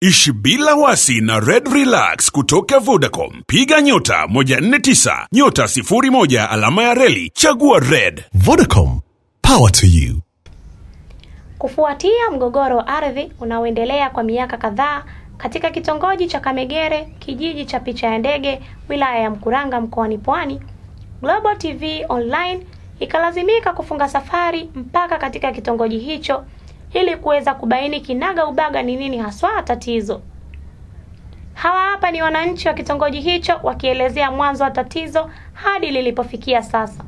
Ishi bila wasi na Red Relax kutoka Vodacom. Piga nyota 149 nyota 01 alama ya reli chagua Red. Vodacom, power to you. Kufuatia mgogoro wa ardhi unaoendelea kwa miaka kadhaa katika kitongoji cha Kamegere, kijiji cha Picha ya Ndege, wilaya ya Mkuranga mkoani Pwani, Global TV Online ikalazimika kufunga safari mpaka katika kitongoji hicho ili kuweza kubaini kinaga ubaga ni nini haswa tatizo. Hawa hapa ni wananchi wa kitongoji hicho wakielezea mwanzo wa tatizo hadi lilipofikia sasa.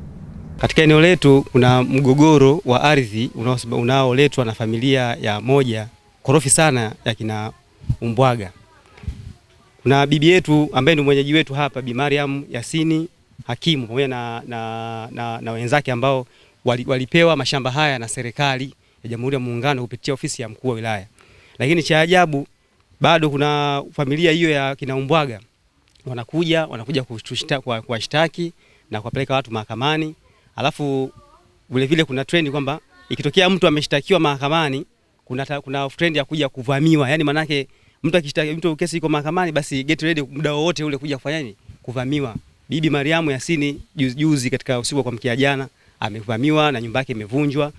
Katika eneo letu kuna mgogoro wa ardhi unaoletwa na familia ya moja korofi sana ya kina Umbwaga. Kuna bibi yetu ambaye ni mwenyeji wetu hapa, Bi Mariam Yasini Hakimu pamoja na, na, na, na wenzake ambao walipewa mashamba haya na serikali ya Jamhuri ya Muungano kupitia ofisi ya mkuu wa wilaya. Lakini cha ajabu bado kuna familia hiyo ya kinaumbwaga wanakuja wanakuja kuwashtaki na kuwapeleka watu mahakamani, alafu vile vile kuna trend kwamba ikitokea mtu ameshtakiwa mahakamani kuna, kuna trend ya kuja kuvamiwa, yani manake mtu akishtaki mtu kesi iko mahakamani basi get ready muda wowote ule kuja kufanya nini? Kuvamiwa. Bibi Mariamu Yasini juzi juzi katika usiku wa kuamkia jana amevamiwa na nyumba yake imevunjwa.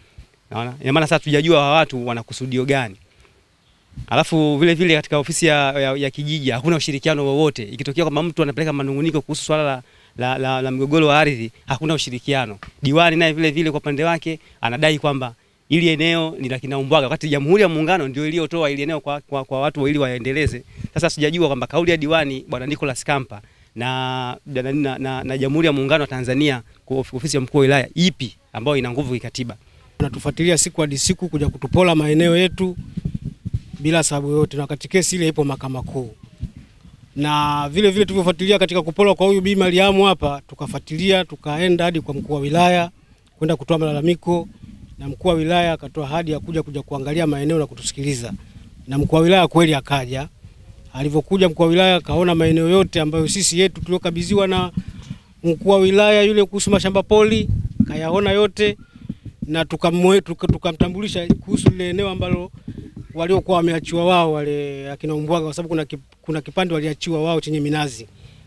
Naona? Ina maana sasa tujajua wa watu wana kusudio gani. Alafu vile vile katika ofisi ya, ya, ya kijiji hakuna ushirikiano wowote. Ikitokea kwamba mtu anapeleka manunguniko kuhusu swala la, la, la, la mgogoro wa ardhi, hakuna ushirikiano. Diwani naye vile vile kwa upande wake anadai kwamba ili eneo ni la Kinaumbwaga, wakati Jamhuri ya Muungano ndio iliyotoa ili eneo kwa, kwa, kwa watu ili waendeleze. Sasa sijajua kwamba kauli ya diwani bwana Nicholas Kampa na, na, na, na, na Jamhuri ya Muungano wa Tanzania kwa ofisi ya mkuu wa wilaya ipi ambayo ina nguvu kikatiba tunatufuatilia siku hadi siku kuja kutupola maeneo yetu bila sababu yoyote, na wakati kesi ile ipo Mahakama Kuu. Na vile vile tulivyofuatilia katika kupola kwa huyu Bi Mariamu hapa, tukafuatilia tukaenda hadi kwa mkuu wa wilaya kwenda kutoa malalamiko, na mkuu wa wilaya akatoa hadi ya kuja kuja kuangalia maeneo na kutusikiliza, na mkuu wa wilaya kweli akaja. Alivyokuja mkuu wa wilaya kaona maeneo yote ambayo sisi yetu tuliokabidhiwa na mkuu wa wilaya yule kuhusu mashamba poli, kayaona yote na tukamtambulisha tuka kuhusu lile eneo ambalo waliokuwa wameachiwa wao wale akina Umbwaga, kwa sababu kuna, kip, kuna kipande waliachiwa wao chenye minazi,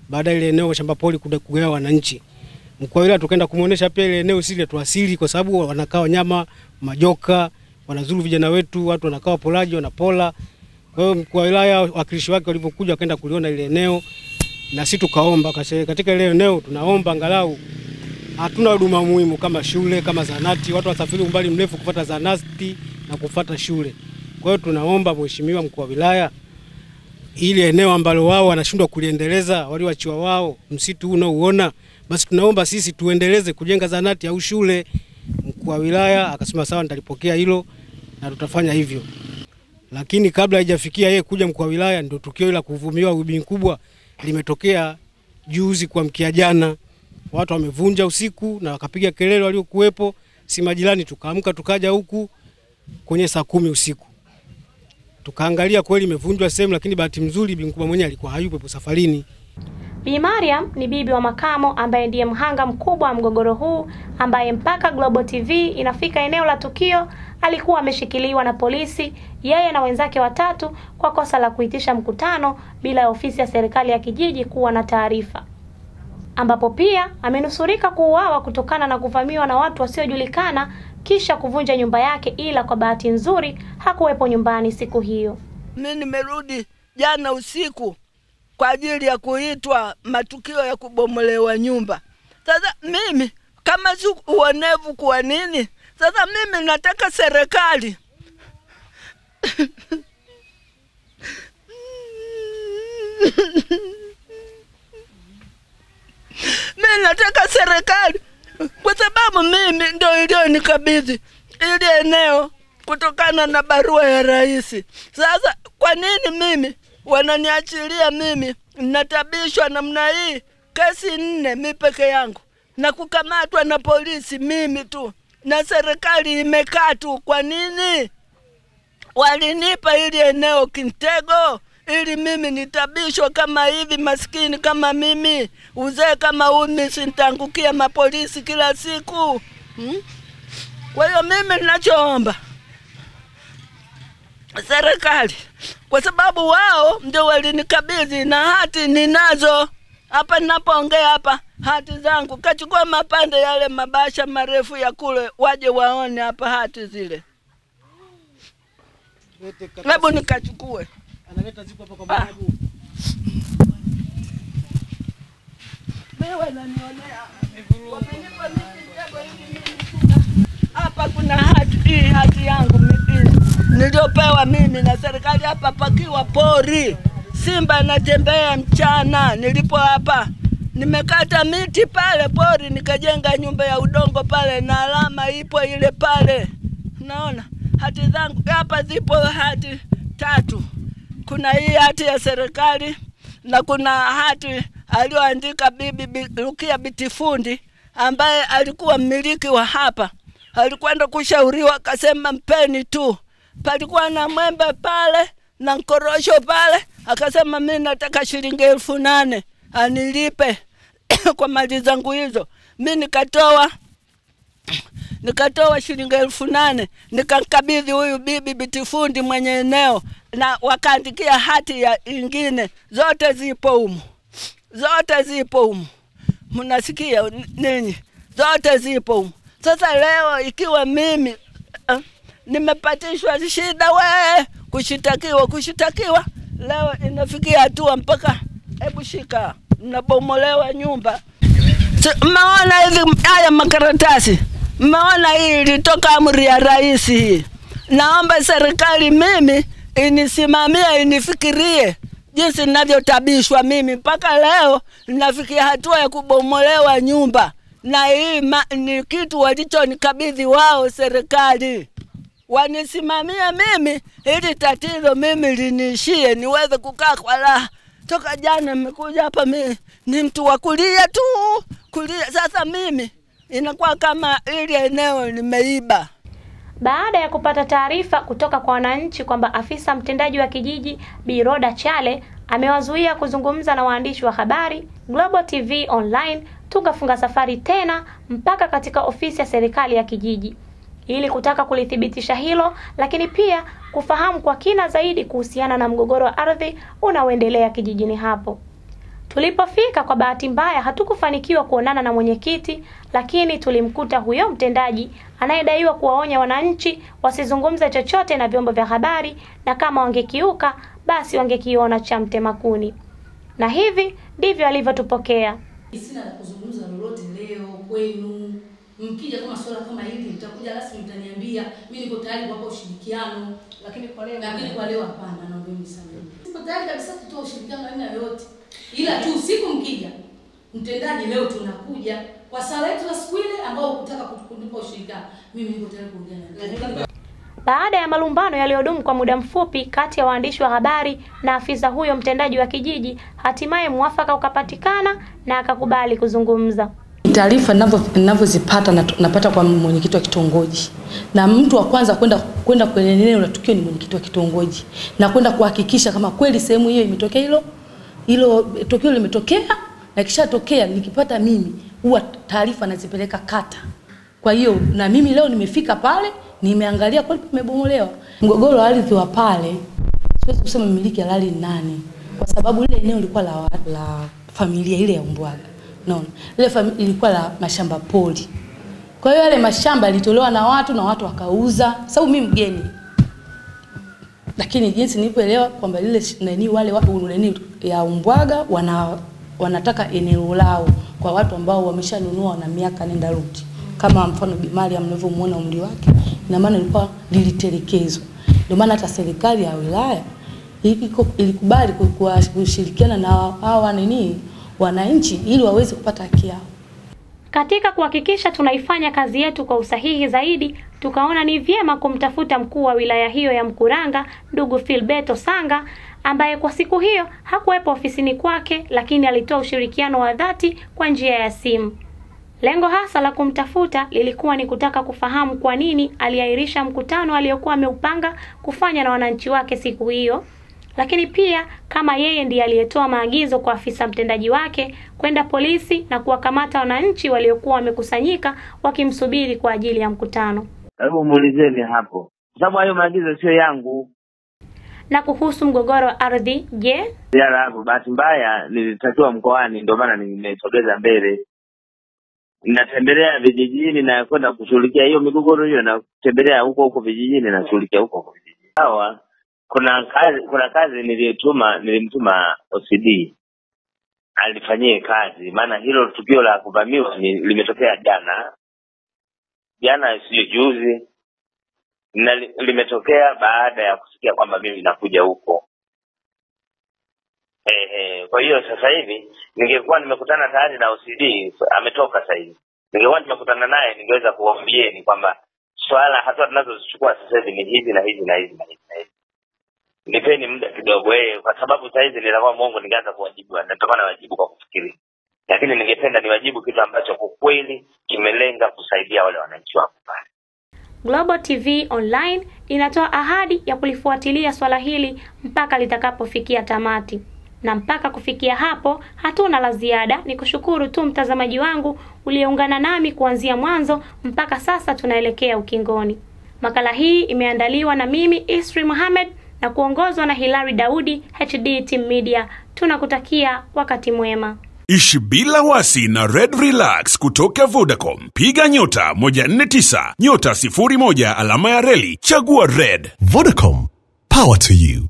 baada ile eneo shamba pori kugawa wananchi mkoa wilaya, tukaenda kumuonesha pia ile eneo sile tuasili, kwa sababu wanakaa wanyama majoka, wanazuru vijana wetu, watu wanakaa wapolaji, wanapola. Kwa hiyo mkoa wilaya wakilishi wake walipokuja wakaenda kuliona ile eneo, na sisi tukaomba katika ile eneo, tunaomba angalau hatuna huduma muhimu kama shule, kama zanati. Watu wasafiri umbali mrefu kupata zanati na kufata shule. Kwa hiyo tunaomba Mheshimiwa mkuu wa wilaya, ili eneo ambalo wao wanashindwa kuliendeleza waliwachiwa wao, msitu huu unaouona, basi tunaomba sisi tuendeleze kujenga zanati au shule. Mkuu wa wilaya akasema sawa, nitalipokea hilo na tutafanya hivyo, lakini kabla haijafikia yeye kuja mkuu wa wilaya, ndio tukio la kuvumiwa ubi mkubwa limetokea juzi kwa mkia jana watu wamevunja usiku na wakapiga kelele waliokuwepo, si majirani. Tukaamka tukaja huku kwenye saa kumi usiku tukaangalia, kweli imevunjwa sehemu, lakini bahati mzuri mkubwa mwenyewe alikuwa hayupo safarini. Bi Mariam ni bibi wa makamo ambaye ndiye mhanga mkubwa wa mgogoro huu, ambaye mpaka Global TV inafika eneo la tukio alikuwa ameshikiliwa na polisi, yeye na wenzake watatu, kwa kosa la kuitisha mkutano bila ofisi ya serikali ya kijiji kuwa na taarifa ambapo pia amenusurika kuuawa kutokana na kuvamiwa na watu wasiojulikana kisha kuvunja nyumba yake, ila kwa bahati nzuri hakuwepo nyumbani siku hiyo. Mimi nimerudi jana usiku kwa ajili ya kuitwa matukio ya kubomolewa nyumba. Sasa mimi kama si uonevu, kwa nini sasa mimi nataka serikali mimi nataka serikali, kwa sababu mimi ndio iliyonikabidhi ili eneo kutokana na barua ya rais. Sasa kwa nini mimi wananiachilia mimi natabishwa namna hii, kesi nne mi peke yangu na kukamatwa na polisi mimi tu, na serikali imekaa tu. Kwa nini walinipa ili eneo Kintego? ili mimi nitabishwa kama hivi, maskini kama mimi, uzee kama umi, sintangukia mapolisi kila siku hmm? Kwa hiyo mimi ninachoomba serikali, kwa sababu wao ndio walinikabidhi na hati ninazo hapa ninapoongea hapa, hati zangu kachukua mapande yale mabasha marefu ya kule, waje waone hapa hati zile, hebu nikachukue analeta ziko hapa kwa ah. Wewe unanionea. mimi Hapa kuna hati hati yangu niliyopewa mimi na serikali. Hapa pakiwa pori, simba anatembea mchana. Nilipo hapa nimekata miti pale pori, nikajenga nyumba ya udongo pale, na alama ipo ile pale. Naona hati zangu hapa, zipo hati tatu kuna hii hati ya serikali na kuna hati aliyoandika bibi Rukia Bitifundi ambaye alikuwa mmiliki wa hapa, alikwenda kushauriwa, akasema mpeni tu. Palikuwa na mwembe pale na mkorosho pale, akasema mi nataka shilingi elfu nane anilipe kwa mali zangu hizo. Mi nikatoa nikatoa shilingi elfu nane nikamkabidhi huyu bibi Bitifundi mwenye eneo, na wakaandikia hati ya ingine. Zote zipo humu, zote zipo humu, mnasikia ninyi? Zote zipo humu. Sasa leo ikiwa mimi uh, nimepatishwa shida we kushitakiwa kushitakiwa, leo inafikia hatua mpaka hebu shika, mnabomolewa nyumba. Mmeona hivi haya makaratasi Mmeona hii ilitoka amri ya rais hii. Naomba serikali mimi inisimamie, inifikirie jinsi ninavyotabishwa mimi. Mpaka leo nafikia hatua ya kubomolewa nyumba, na hii ni kitu walichonikabidhi wao serikali wanisimamia mimi ili tatizo mimi liniishie, niweze kukaa kwa raha. Toka jana nimekuja hapa, mimi ni mtu wa kulia tu kulia. Sasa mimi inakuwa kama ili eneo limeiba. Baada ya kupata taarifa kutoka kwa wananchi kwamba afisa mtendaji wa kijiji Biroda Chale amewazuia kuzungumza na waandishi wa habari, Global TV Online tukafunga safari tena mpaka katika ofisi ya serikali ya kijiji ili kutaka kulithibitisha hilo, lakini pia kufahamu kwa kina zaidi kuhusiana na mgogoro wa ardhi unaoendelea kijijini hapo. Tulipofika kwa bahati mbaya hatukufanikiwa kuonana na mwenyekiti, lakini tulimkuta huyo mtendaji anayedaiwa kuwaonya wananchi wasizungumze chochote na vyombo vya habari, na kama wangekiuka basi wangekiona cha mtemakuni. Na hivi ndivyo alivyotupokea. Sina kuzungumza lolote leo kwenu. Mkija kama swala kama hili, mtakuja rasmi, mtaniambia. Mimi niko tayari kuwapa ushirikiano, lakini kwa leo, lakini kwa leo hapana, naomba msamaha. Siko tayari kabisa kutoa ushirikiano aina yoyote ila tu usiku mkija, mtendaji, leo tunakuja kwa sala yetu ya siku ile ambao ukitaka kutukumbuka ushirika, mimi niko tayari kuongea na baada ya malumbano yaliyodumu kwa muda mfupi kati ya waandishi wa habari na afisa huyo mtendaji wa kijiji, hatimaye mwafaka ukapatikana na akakubali kuzungumza. Taarifa ninavyozipata napata kwa mwenyekiti wa kitongoji, na mtu wa kwanza kwenda kwenda kwenye eneo la tukio ni mwenyekiti wa kitongoji, na kwenda kuhakikisha kama kweli sehemu hiyo imetokea hilo hilo tukio limetokea na kishatokea, nikipata mimi huwa taarifa nazipeleka kata. Kwa hiyo na mimi leo nimefika pale, nimeangalia kweli pamebomolewa. Mgogoro wa ardhi wa pale, siwezi kusema mmiliki halali ni nani, kwa sababu ile eneo lilikuwa la, la familia ile ya Umbwaga, naona ile ilikuwa la mashamba pori. Kwa hiyo yale mashamba yalitolewa na watu na watu wakauza, sababu mimi mgeni lakini jinsi nilivyoelewa kwamba lile nani wale watu nani ya Umbwaga wana, wanataka eneo lao kwa watu ambao wameshanunua na miaka nenda rudi, kama mfano Bi Mariam mnavyomuona umri wake, na maana ilikuwa lilitelekezwa. Ndio maana hata serikali ya wilaya ilikubali kushirikiana na hawa nini wananchi ili waweze kupata haki yao. Katika kuhakikisha tunaifanya kazi yetu kwa usahihi zaidi, tukaona ni vyema kumtafuta mkuu wa wilaya hiyo ya Mkuranga, ndugu Filbeto Sanga ambaye kwa siku hiyo hakuwepo ofisini kwake, lakini alitoa ushirikiano wa dhati kwa njia ya simu. Lengo hasa la kumtafuta lilikuwa ni kutaka kufahamu kwa nini aliahirisha mkutano aliyokuwa ameupanga kufanya na wananchi wake siku hiyo lakini pia kama yeye ndiye aliyetoa maagizo kwa afisa mtendaji wake kwenda polisi na kuwakamata wananchi waliokuwa wamekusanyika wakimsubiri kwa ajili ya mkutano. Hebu muulizeni hapo, kwa sababu hayo maagizo sio yangu. Na kuhusu mgogoro wa ardhi, je, ziara hapo, bahati mbaya nilitakiwa mkoani, ndio maana nimesogeza mbele natembelea vijijini na kwenda kushughulikia hiyo migogoro hiyo, natembelea huko huko vijijini, nashughulikia huko huko vijijini. Sawa. Kuna kazi kuna kazi nilituma nilimtuma OCD alifanyie kazi, maana hilo tukio la kuvamiwa limetokea jana jana, sio juzi, na limetokea baada ya kusikia kwamba mimi nakuja huko. Ehe, kwa hiyo sasa hivi ningekuwa nimekutana tayari na OCD, ametoka sasa hivi, ningekuwa nimekutana naye ningeweza kuwaambieni kwamba swala hatua tunazozichukua sasa hivi ni hivi na hivi na hivi na hivi na nipeni muda kidogo eh, kwa sababu saizi nitakuwa mwongo ningeanza kuwajibu, natokana wajibu kwa kufikiria, lakini ningependa niwajibu kitu ambacho kwa kweli kimelenga kusaidia wale wananchi wako pale. Global TV Online inatoa ahadi ya kulifuatilia swala hili mpaka litakapofikia tamati. Na mpaka kufikia hapo, hatuna la ziada, ni kushukuru tu mtazamaji wangu uliyeungana nami kuanzia mwanzo mpaka sasa tunaelekea ukingoni. Makala hii imeandaliwa na mimi Isri Mohamed na kuongozwa na Hilary Daudi, HD Team Media. Tunakutakia wakati mwema. Ishi bila wasi na Red Relax kutoka Vodacom. Piga nyota 149 nyota 01 alama ya reli, chagua Red. Vodacom, power to you.